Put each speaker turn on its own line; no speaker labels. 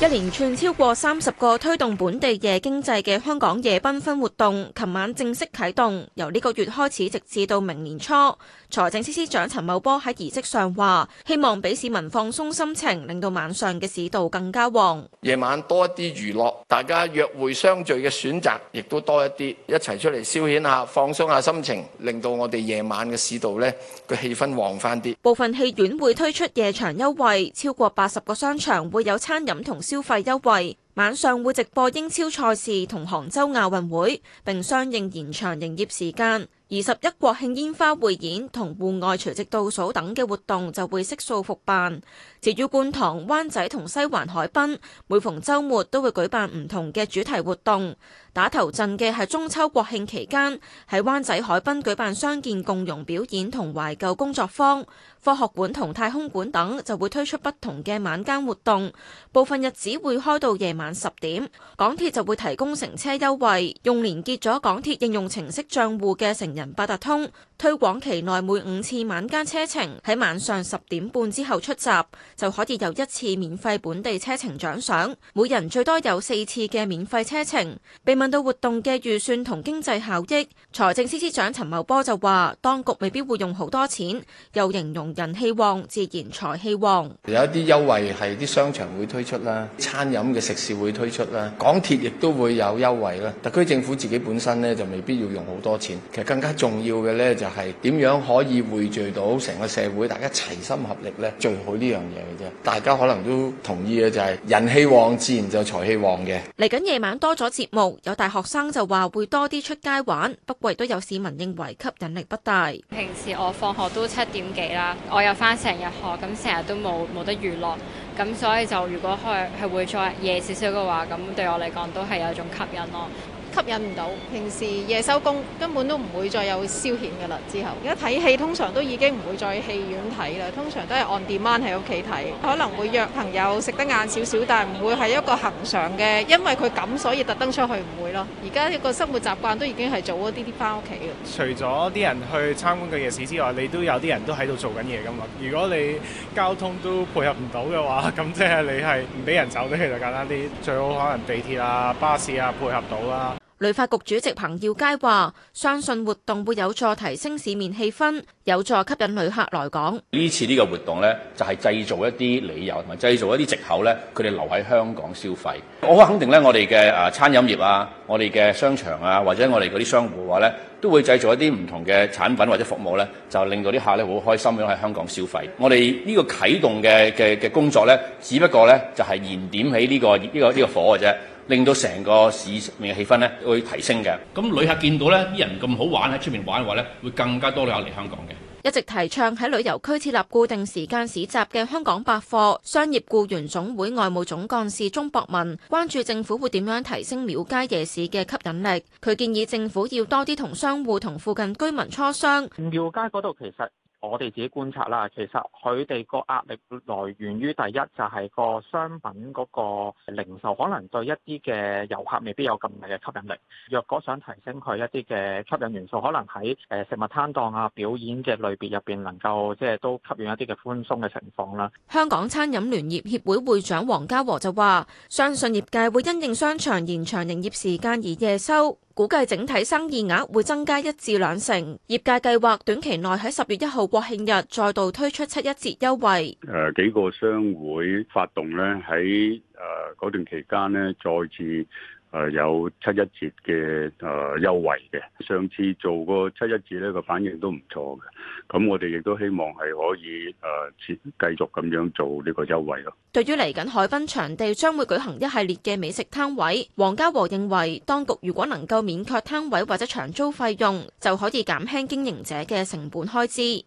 一連串超過三十個推動本地夜經濟嘅香港夜繽紛活動，琴晚正式啟動，由呢個月開始，直至到明年初。財政司司長陳茂波喺儀式上話，希望俾市民放鬆心情，令到晚上嘅市道更加旺。
夜晚多一啲娛樂，大家約會相聚嘅選擇亦都多一啲，一齊出嚟消遣下，放鬆下心情，令到我哋夜晚嘅市道呢個氣氛旺翻啲。部分戲院會推出夜場優惠，超過八
十個商場會有餐飲同消費優惠，晚上會直播英超賽事同杭州亞運會，並相應延長營業時間。二十一國慶煙花匯演同戶外除夕倒數等嘅活動就會悉數復辦。至於觀塘、灣仔同西環海濱，每逢周末都會舉辦唔同嘅主題活動。打頭陣嘅係中秋國慶期間，喺灣仔海濱舉辦傷健共融表演同懷舊工作坊，科學館同太空館等就會推出不同嘅晚間活動，部分日子會開到夜晚十點。港鐵就會提供乘車優惠，用連結咗港鐵應用程式賬戶嘅成人八達通，推廣期內每五次晚間車程喺晚上十點半之後出閘，就可以有一次免費本地車程獎賞，每人最多有四次嘅免費車程。被問到活動嘅預算同經濟效益，財政司司長陳茂波就話：當局未必會用好多錢，又形容人氣旺，自然財氣旺。
有一啲優惠係啲商場會推出啦，餐飲嘅食肆會推出啦，港鐵亦都會有優惠啦。特區政府自己本身呢，就未必要用好多錢。其實更加重要嘅呢，就係點樣可以匯聚到成個社會，大家齊心合力呢，做好呢樣嘢嘅啫。大家可能都同意嘅就係、是、人氣旺，自然就財氣旺嘅。
嚟緊夜晚多咗節目，有。大學生就話會多啲出街玩，不過亦都有市民認為吸引力不大。平時我放學都七點幾啦，我又翻成日學，咁成日都冇冇得娛樂，咁所以就如果去係會再夜少少嘅話，咁對我嚟講都係有一種吸引咯。吸引唔到，平時夜收工根本都唔會再有消遣噶啦。之後而家睇戲通常都已經唔會喺戲院睇啦，通常都係 on demand 喺屋企睇。可能會約朋友食得晏少少，但係唔會係一個恆常嘅，因為佢咁所以特登出去唔會咯。而家一個生活習慣都已經係早咗啲啲翻屋企嘅。
除咗啲人去參觀個夜市之外，你都有啲人都喺度做緊嘢噶嘛。如果你交通都配合唔到嘅話，咁即係你係唔俾人走咧。其實簡單啲，最好可能地鐵啊、巴士啊配合到啦。
旅發局主席彭耀佳話，相信活動會有助提升市面氣氛，有助吸引旅客來港。
呢次呢個活動咧，就係製造一啲理由同埋製造一啲借口咧，佢哋留喺香港消費。我可肯定咧，我哋嘅誒餐飲業啊，我哋嘅商場啊，或者我哋嗰啲商戶嘅話咧，都會製造一啲唔同嘅產品或者服務咧，就令到啲客咧好開心咁喺香港消費。我哋呢個啟動嘅嘅嘅工作咧，只不過咧就係燃點起呢個呢個呢個火嘅啫。令到成個市面嘅氣氛呢會提升嘅。咁旅客見到呢啲人咁好玩喺出面玩嘅話呢，會更加多旅客嚟香港嘅。
一直提倡喺旅遊區設立固定時間市集嘅香港百貨商業僱員總會外務總幹事鍾博文關注政府會點樣提升廟街夜市嘅吸引力。佢建議政府要多啲同商戶同附近居民磋
商。廟街嗰度其實。我哋自己觀察啦，其實佢哋個壓力來源於第一就係個商品嗰個零售，可能對一啲嘅遊客未必有咁大嘅吸引力。若果想提升佢一啲嘅吸引元素，可能喺誒食物攤檔啊、表演嘅類別入邊，能夠即係都吸引一啲嘅寬鬆嘅情況啦。
香港餐飲聯業協會會長黃家和就話：相信業界會因應商場延長營業時間而夜收。估計整體生意額會增加一至兩成，業界計劃短期內喺十月一號國慶日再度推出七一折優惠。
誒，幾個商會發動咧，喺誒嗰段期間咧，再次。誒有七一折嘅，誒優惠嘅。上次做過七一折呢個反應都唔錯嘅，咁我哋亦都希望係可以誒接、呃、繼續咁樣做呢個優惠咯。
對於嚟緊海濱場地將會舉行一系列嘅美食攤位，黃家和認為當局如果能夠免卻攤位或者長租費用，就可以減輕經營者嘅成本開支。